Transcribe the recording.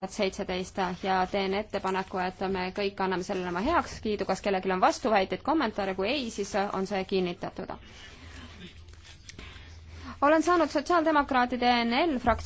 tuhat seitseteist ja teen ettepaneku, et me kõik anname sellele oma heakskiidu, kas kellelgi on vastuväiteid, kommentaare, kui ei, siis on see kinnitatud. olen saanud sotsiaaldemokraatide NL fraktsiooni